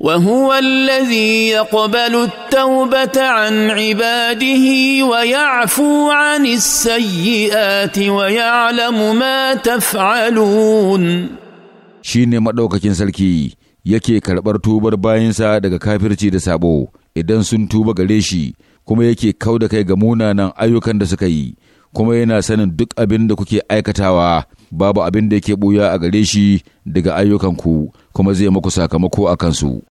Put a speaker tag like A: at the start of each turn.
A: وهو الذي يقبل التوبه عن عباده ويعفو عن السيئات ويعلم ما تفعلون
B: shine maɗaukakin sarki yake karɓar tubar bayansa daga kafirci da sabo idan sun tuba gare shi kuma yake kau da kai ga munanan ayyukan da suka yi kuma yana sanin duk abin da kuke aikatawa babu abin da yake buya a gare shi daga ayyukanku kuma zai muku sakamako a kansu